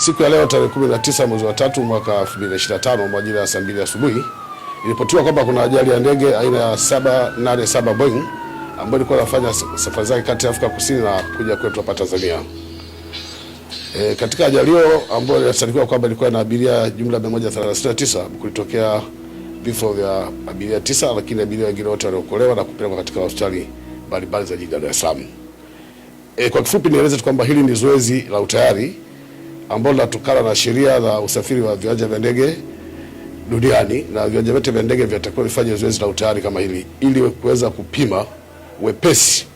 Siku ya leo tarehe 19 mwezi wa tatu mwaka 2025 majira ya saa mbili asubuhi ilipotiwa kwamba kuna ajali ya ndege aina ya 787 Boeing ambayo ilikuwa inafanya safari zake kati ya Afrika Kusini na kuja kwetu hapa Tanzania. E, katika ajali hiyo ambayo inasadikiwa kwamba ilikuwa na abiria jumla ya 139 kulitokea vifo vya abiria tisa, lakini abiria wengine wote waliokolewa na kupelekwa katika hospitali mbalimbali za jijini la Dar es Salaam. E, kwa kifupi nieleze tu kwamba hili ni zoezi la utayari ambalo linatokana na sheria za usafiri wa viwanja vya ndege duniani, na viwanja vyote vya ndege vitakuwa vifanye zoezi la utayari kama hili ili kuweza kupima wepesi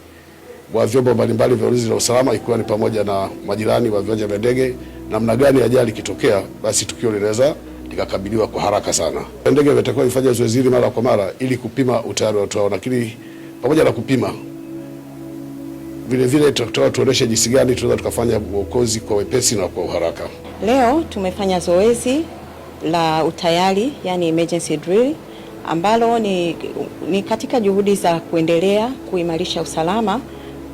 wa vyombo mbalimbali vya ulinzi na usalama, ikiwa ni pamoja na majirani wa viwanja vya ndege, namna gani ajali ikitokea, basi tukio linaweza likakabiliwa kwa haraka sana. Ndege vitakuwa vifanye zoezi hili mara kwa mara ili kupima utayari wa watu wao, lakini pamoja na kupima vilevile tutatoa tuoneshe jinsi gani tunaweza tukafanya uokozi kwa wepesi na kwa uharaka. Leo tumefanya zoezi la utayari, yani emergency drill ambalo ni, ni katika juhudi za kuendelea kuimarisha usalama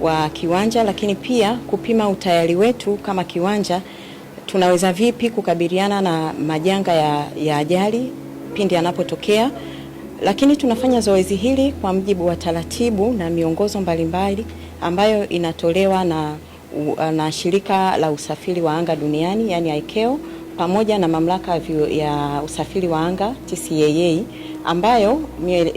wa kiwanja, lakini pia kupima utayari wetu kama kiwanja, tunaweza vipi kukabiliana na majanga ya, ya ajali pindi yanapotokea. Lakini tunafanya zoezi hili kwa mujibu wa taratibu na miongozo mbalimbali mbali ambayo inatolewa na, na shirika la usafiri wa anga duniani yani ICAO e pamoja na mamlaka ya usafiri wa anga TCAA ambayo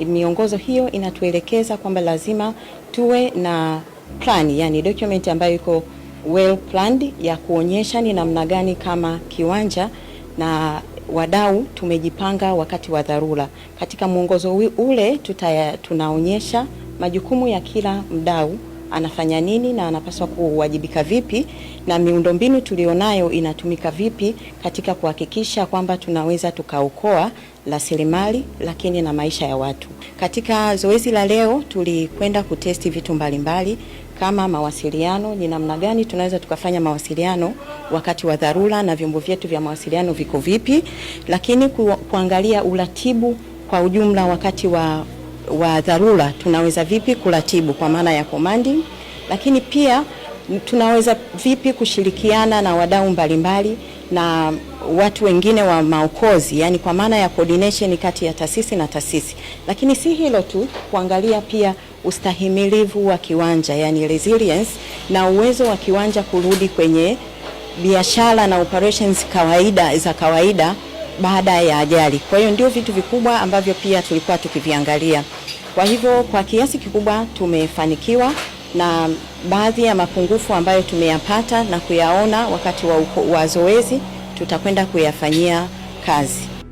miongozo hiyo inatuelekeza kwamba lazima tuwe na plan, yani document ambayo iko well planned ya kuonyesha ni namna gani kama kiwanja na wadau tumejipanga wakati wa dharura. Katika mwongozo ule tutaya, tunaonyesha majukumu ya kila mdau anafanya nini na anapaswa kuwajibika vipi na miundombinu tulionayo inatumika vipi katika kuhakikisha kwamba tunaweza tukaokoa rasilimali lakini na maisha ya watu. Katika zoezi la leo tulikwenda kutesti vitu mbalimbali mbali, kama mawasiliano, ni namna gani tunaweza tukafanya mawasiliano wakati wa dharura na vyombo vyetu vya mawasiliano viko vipi, lakini ku, kuangalia uratibu kwa ujumla wakati wa wa dharura tunaweza vipi kuratibu kwa maana ya commanding, lakini pia tunaweza vipi kushirikiana na wadau mbalimbali na watu wengine wa maokozi, yani kwa maana ya coordination kati ya taasisi na taasisi. Lakini si hilo tu, kuangalia pia ustahimilivu wa kiwanja, yani resilience, na uwezo wa kiwanja kurudi kwenye biashara na operations kawaida za kawaida baada ya ajali. Kwa hiyo ndio vitu vikubwa ambavyo pia tulikuwa tukiviangalia. Kwa hivyo kwa kiasi kikubwa tumefanikiwa na baadhi ya mapungufu ambayo tumeyapata na kuyaona wakati wa, wa zoezi tutakwenda kuyafanyia kazi.